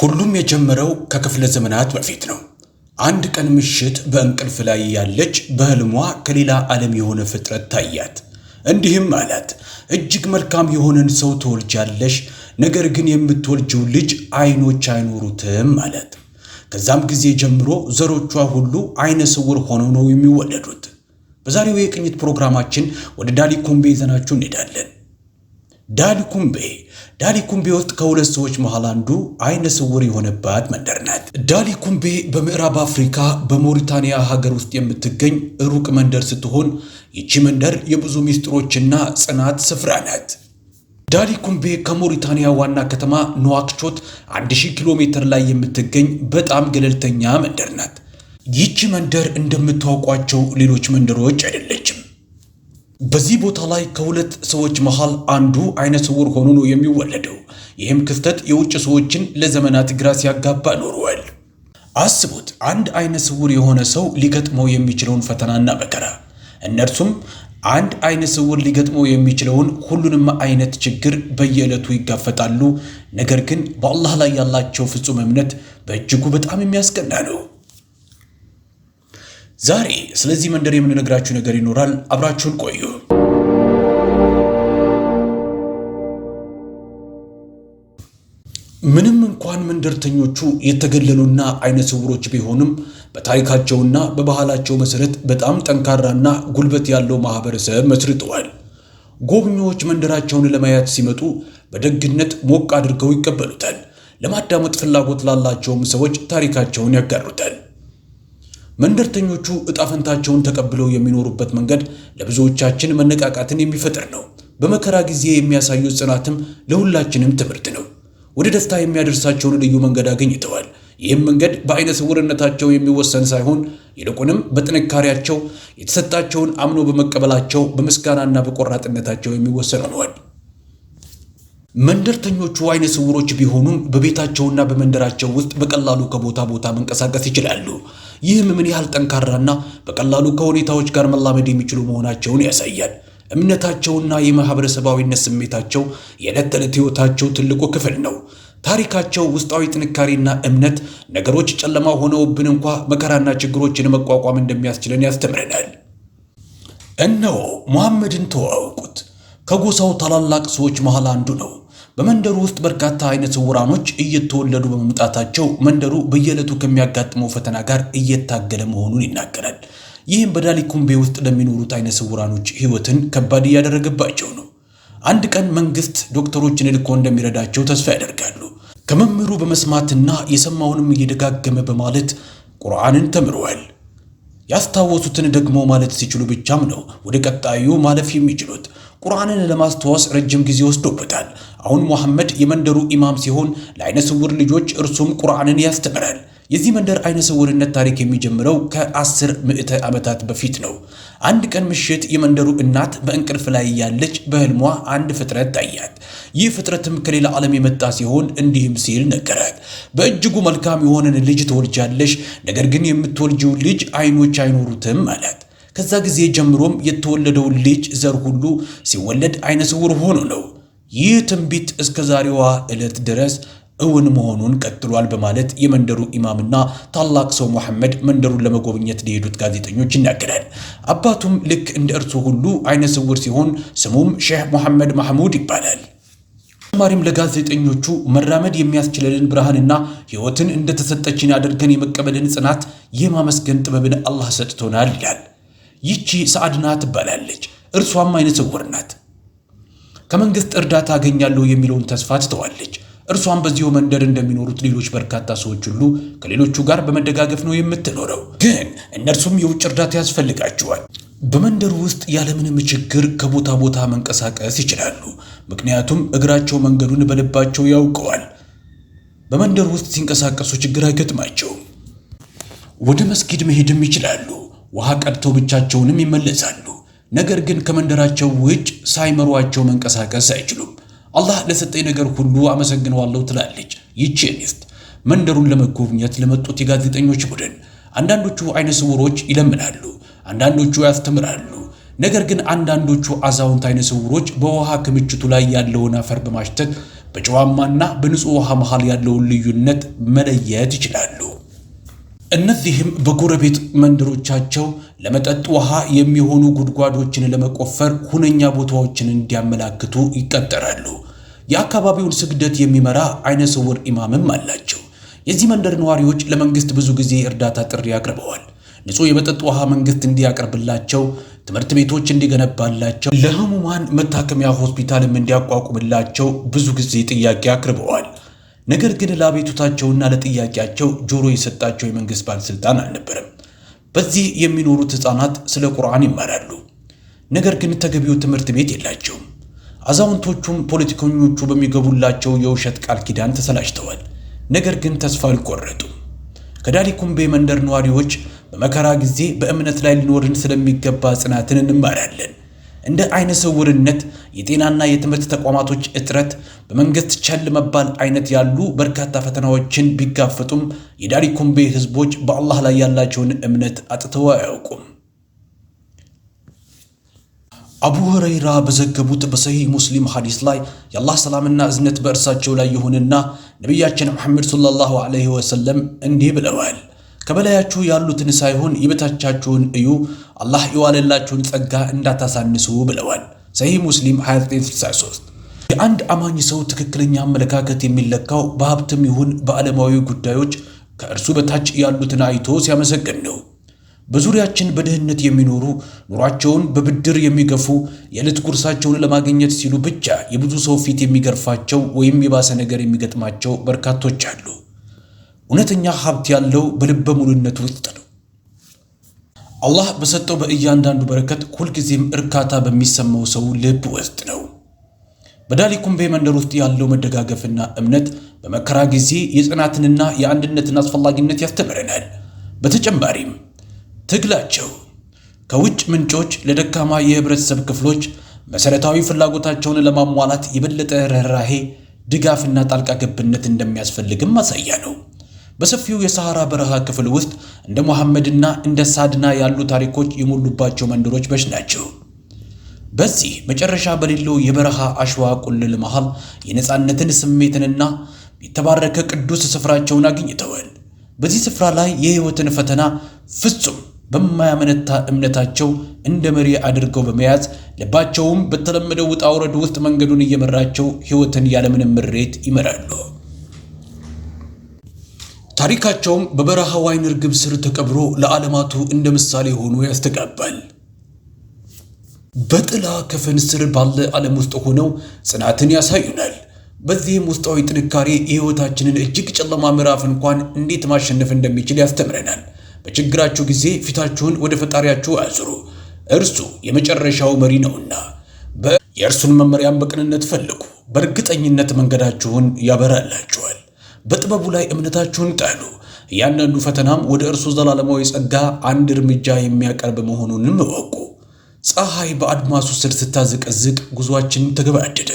ሁሉም የጀመረው ከክፍለ ዘመናት በፊት ነው። አንድ ቀን ምሽት በእንቅልፍ ላይ ያለች በህልሟ ከሌላ ዓለም የሆነ ፍጥረት ታያት። እንዲህም አላት፣ እጅግ መልካም የሆነን ሰው ትወልጃለሽ፣ ነገር ግን የምትወልጅው ልጅ አይኖች አይኖሩትም አላት። ከዛም ጊዜ ጀምሮ ዘሮቿ ሁሉ አይነ ስውር ሆነው ነው የሚወለዱት። በዛሬው የቅኝት ፕሮግራማችን ወደ ዳሊኩምቤ ይዘናችሁ እንሄዳለን። ዳሊኩምቤ ዳሊ ኩምቤ ውስጥ ከሁለት ሰዎች መሃል አንዱ አይነ ስውር የሆነባት መንደር ናት። ዳሊ ኩምቤ በምዕራብ አፍሪካ በሞሪታንያ ሀገር ውስጥ የምትገኝ ሩቅ መንደር ስትሆን ይቺ መንደር የብዙ ሚስጥሮችና ጽናት ስፍራ ናት። ዳሊ ኩምቤ ከሞሪታንያ ዋና ከተማ ነዋክቾት 1000 ኪሎ ሜትር ላይ የምትገኝ በጣም ገለልተኛ መንደር ናት። ይቺ መንደር እንደምታውቋቸው ሌሎች መንደሮች አይደለች። በዚህ ቦታ ላይ ከሁለት ሰዎች መሃል አንዱ አይነ ስውር ሆኖ ነው የሚወለደው። ይህም ክስተት የውጭ ሰዎችን ለዘመናት ግራ ሲያጋባ ኖሯል። አስቡት አንድ አይነ ስውር የሆነ ሰው ሊገጥመው የሚችለውን ፈተናና መከራ። እነርሱም አንድ አይነ ስውር ሊገጥመው የሚችለውን ሁሉንም አይነት ችግር በየዕለቱ ይጋፈጣሉ። ነገር ግን በአላህ ላይ ያላቸው ፍጹም እምነት በእጅጉ በጣም የሚያስቀና ነው። ዛሬ ስለዚህ መንደር የምንነግራችሁ ነገር ይኖራል። አብራችሁን ቆዩ። ምንም እንኳን መንደርተኞቹ የተገለሉና አይነ ስውሮች ቢሆንም በታሪካቸውና በባህላቸው መሰረት በጣም ጠንካራና ጉልበት ያለው ማህበረሰብ መስርተዋል። ጎብኚዎች መንደራቸውን ለማየት ሲመጡ በደግነት ሞቅ አድርገው ይቀበሉታል። ለማዳመጥ ፍላጎት ላላቸውም ሰዎች ታሪካቸውን ያጋሩታል። መንደርተኞቹ እጣፈንታቸውን ተቀብለው የሚኖሩበት መንገድ ለብዙዎቻችን መነቃቃትን የሚፈጥር ነው። በመከራ ጊዜ የሚያሳዩት ጽናትም ለሁላችንም ትምህርት ነው። ወደ ደስታ የሚያደርሳቸውን ልዩ መንገድ አገኝተዋል። ይህም መንገድ በአይነ ስውርነታቸው የሚወሰን ሳይሆን ይልቁንም በጥንካሬያቸው የተሰጣቸውን አምኖ በመቀበላቸው በምስጋናና በቆራጥነታቸው የሚወሰን ሆኗል። መንደርተኞቹ አይነ ስውሮች ቢሆኑም በቤታቸውና በመንደራቸው ውስጥ በቀላሉ ከቦታ ቦታ መንቀሳቀስ ይችላሉ። ይህም ምን ያህል ጠንካራና በቀላሉ ከሁኔታዎች ጋር መላመድ የሚችሉ መሆናቸውን ያሳያል። እምነታቸውና የማህበረሰባዊነት ስሜታቸው የዕለት ተዕለት ሕይወታቸው ትልቁ ክፍል ነው። ታሪካቸው ውስጣዊ ጥንካሬና እምነት ነገሮች ጨለማ ሆነውብን እንኳ መከራና ችግሮችን መቋቋም እንደሚያስችለን ያስተምረናል። እነሆ ሙሐመድን ተዋወቁት። ከጎሳው ታላላቅ ሰዎች መሃል አንዱ ነው። በመንደሩ ውስጥ በርካታ አይነት ስውራኖች እየተወለዱ በመምጣታቸው መንደሩ በየዕለቱ ከሚያጋጥመው ፈተና ጋር እየታገለ መሆኑን ይናገራል። ይህም በዳሊ ኩምቤ ውስጥ ለሚኖሩት አይነ ስውራኖች ህይወትን ከባድ እያደረገባቸው ነው። አንድ ቀን መንግስት ዶክተሮችን እልኮ እንደሚረዳቸው ተስፋ ያደርጋሉ። ከመምህሩ በመስማትና የሰማውንም እየደጋገመ በማለት ቁርአንን ተምረዋል። ያስታወሱትን ደግሞ ማለት ሲችሉ ብቻም ነው ወደ ቀጣዩ ማለፍ የሚችሉት። ቁርአንን ለማስተዋወስ ረጅም ጊዜ ወስዶበታል። አሁን ሙሐመድ የመንደሩ ኢማም ሲሆን ለአይነ ስውር ልጆች እርሱም ቁርአንን ያስተምራል። የዚህ መንደር አይነ ስውርነት ታሪክ የሚጀምረው ከአስር ምዕተ ዓመታት በፊት ነው። አንድ ቀን ምሽት የመንደሩ እናት በእንቅልፍ ላይ ያለች በህልሟ አንድ ፍጥረት ታያት። ይህ ፍጥረትም ከሌላ ዓለም የመጣ ሲሆን እንዲህም ሲል ነገራት። በእጅጉ መልካም የሆነን ልጅ ትወልጃለሽ፣ ነገር ግን የምትወልጂው ልጅ አይኖች አይኖሩትም አላት። ከዛ ጊዜ ጀምሮም የተወለደውን ልጅ ዘር ሁሉ ሲወለድ አይነ ስውር ሆኖ ነው። ይህ ትንቢት እስከ ዛሬዋ ዕለት ድረስ እውን መሆኑን ቀጥሏል በማለት የመንደሩ ኢማምና ታላቅ ሰው መሐመድ መንደሩን ለመጎብኘት ለሄዱት ጋዜጠኞች ይናገራል። አባቱም ልክ እንደ እርሱ ሁሉ አይነ ስውር ሲሆን ስሙም ሼህ መሐመድ ማህሙድ ይባላል። ተጨማሪም ለጋዜጠኞቹ መራመድ የሚያስችለንን ብርሃንና ሕይወትን እንደተሰጠችን አድርገን የመቀበልን ጽናት የማመስገን ጥበብን አላህ ሰጥቶናል ይላል። ይቺ ሰዓድና ትባላለች። እርሷም አይነ ስውር ናት። ከመንግሥት እርዳታ አገኛለሁ የሚለውን ተስፋ ትተዋለች። እርሷም በዚሁ መንደር እንደሚኖሩት ሌሎች በርካታ ሰዎች ሁሉ ከሌሎቹ ጋር በመደጋገፍ ነው የምትኖረው። ግን እነርሱም የውጭ እርዳታ ያስፈልጋቸዋል። በመንደሩ ውስጥ ያለምንም ችግር ከቦታ ቦታ መንቀሳቀስ ይችላሉ፣ ምክንያቱም እግራቸው መንገዱን በልባቸው ያውቀዋል። በመንደሩ ውስጥ ሲንቀሳቀሱ ችግር አይገጥማቸውም። ወደ መስጊድ መሄድም ይችላሉ። ውሃ ቀድተው ብቻቸውንም ይመለሳሉ። ነገር ግን ከመንደራቸው ውጭ ሳይመሯቸው መንቀሳቀስ አይችሉም። አላህ ለሰጠኝ ነገር ሁሉ አመሰግነዋለሁ ትላለች። ይቺ ኒፍት መንደሩን ለመጎብኘት ለመጡት የጋዜጠኞች ቡድን አንዳንዶቹ አይነ ስውሮች ይለምናሉ፣ አንዳንዶቹ ያስተምራሉ። ነገር ግን አንዳንዶቹ አዛውንት አይነ ስውሮች በውሃ ክምችቱ ላይ ያለውን አፈር በማሽተት በጨዋማና በንጹህ ውሃ መሃል ያለውን ልዩነት መለየት ይችላሉ። እነዚህም በጎረቤት መንደሮቻቸው ለመጠጥ ውሃ የሚሆኑ ጉድጓዶችን ለመቆፈር ሁነኛ ቦታዎችን እንዲያመላክቱ ይቀጠራሉ። የአካባቢውን ስግደት የሚመራ አይነ ስውር ኢማምም አላቸው። የዚህ መንደር ነዋሪዎች ለመንግስት ብዙ ጊዜ እርዳታ ጥሪ አቅርበዋል። ንጹህ የመጠጥ ውሃ መንግስት እንዲያቀርብላቸው፣ ትምህርት ቤቶች እንዲገነባላቸው፣ ለህሙማን መታከሚያ ሆስፒታልም እንዲያቋቁምላቸው ብዙ ጊዜ ጥያቄ አቅርበዋል። ነገር ግን ለአቤቱታቸውና ለጥያቄያቸው ጆሮ የሰጣቸው የመንግሥት ባለሥልጣን አልነበረም። በዚህ የሚኖሩት ሕፃናት ስለ ቁርአን ይማራሉ፣ ነገር ግን ተገቢው ትምህርት ቤት የላቸውም። አዛውንቶቹም ፖለቲከኞቹ በሚገቡላቸው የውሸት ቃል ኪዳን ተሰላጭተዋል ነገር ግን ተስፋ አልቆረጡም። ከዳሊ ኩምቤ መንደር ነዋሪዎች በመከራ ጊዜ በእምነት ላይ ሊኖርን ስለሚገባ ጽናትን እንማራለን። እንደ አይነ ስውርነት፣ የጤናና የትምህርት ተቋማቶች እጥረት፣ በመንግስት ቸል መባል አይነት ያሉ በርካታ ፈተናዎችን ቢጋፈጡም የዳሪ ኩምቤ ህዝቦች በአላህ ላይ ያላቸውን እምነት አጥተው አያውቁም። አቡ ሁረይራ በዘገቡት በሰሂህ ሙስሊም ሐዲስ ላይ የአላህ ሰላምና እዝነት በእርሳቸው ላይ ይሁንና ነቢያችን ሙሐመድ ሰለላሁ ዐለይሂ ወሰለም እንዲህ ብለዋል ከበላያችሁ ያሉትን ሳይሆን የበታቻችሁን እዩ፣ አላህ የዋለላችሁን ጸጋ እንዳታሳንሱ ብለዋል። ሰሂ ሙስሊም 2963 የአንድ አማኝ ሰው ትክክለኛ አመለካከት የሚለካው በሀብትም ይሁን በዓለማዊ ጉዳዮች ከእርሱ በታች ያሉትን አይቶ ሲያመሰግን ነው። በዙሪያችን በድህነት የሚኖሩ ኑሯቸውን በብድር የሚገፉ የዕለት ጉርሳቸውን ለማግኘት ሲሉ ብቻ የብዙ ሰው ፊት የሚገርፋቸው ወይም የባሰ ነገር የሚገጥማቸው በርካቶች አሉ። እውነተኛ ሀብት ያለው በልበ ሙሉነቱ ውስጥ ነው። አላህ በሰጠው በእያንዳንዱ በረከት ሁልጊዜም እርካታ በሚሰማው ሰው ልብ ውስጥ ነው። በዳሊኩምቤ መንደር ውስጥ ያለው መደጋገፍና እምነት በመከራ ጊዜ የጽናትንና የአንድነትን አስፈላጊነት ያስተምረናል። በተጨማሪም ትግላቸው ከውጭ ምንጮች ለደካማ የህብረተሰብ ክፍሎች መሰረታዊ ፍላጎታቸውን ለማሟላት የበለጠ ርኅራሄ፣ ድጋፍና ጣልቃ ገብነት እንደሚያስፈልግም ማሳያ ነው። በሰፊው የሰሐራ በረሃ ክፍል ውስጥ እንደ መሐመድና እንደ ሳድና ያሉ ታሪኮች የሞሉባቸው መንደሮች በሽ ናቸው። በዚህ መጨረሻ በሌለው የበረሃ አሸዋ ቁልል መሃል የነፃነትን ስሜትንና የተባረከ ቅዱስ ስፍራቸውን አግኝተዋል። በዚህ ስፍራ ላይ የሕይወትን ፈተና ፍጹም በማያመነታ እምነታቸው እንደ መሪ አድርገው በመያዝ ልባቸውም በተለመደው ውጣ ውረድ ውስጥ መንገዱን እየመራቸው ሕይወትን ያለምንም ምሬት ይመራሉ። ታሪካቸውም በበረሃ ዋይን እርግብ ስር ተቀብሮ ለዓለማቱ እንደ ምሳሌ ሆኖ ያስተጋባል። በጥላ ከፈን ስር ባለ ዓለም ውስጥ ሆነው ጽናትን ያሳዩናል። በዚህም ውስጣዊ ጥንካሬ የሕይወታችንን እጅግ ጨለማ ምዕራፍ እንኳን እንዴት ማሸነፍ እንደሚችል ያስተምረናል። በችግራችሁ ጊዜ ፊታችሁን ወደ ፈጣሪያችሁ አዙሩ፣ እርሱ የመጨረሻው መሪ ነውና። የእርሱን መመሪያን በቅንነት ፈልጉ፣ በእርግጠኝነት መንገዳችሁን ያበራላችኋል። በጥበቡ ላይ እምነታችሁን ጣሉ። እያንዳንዱ ፈተናም ወደ እርሱ ዘላለማዊ ጸጋ አንድ እርምጃ የሚያቀርብ መሆኑንም እወቁ። ፀሐይ በአድማሱ ስር ስታዘቀዝቅ ጉዞአችን ተገባደደ።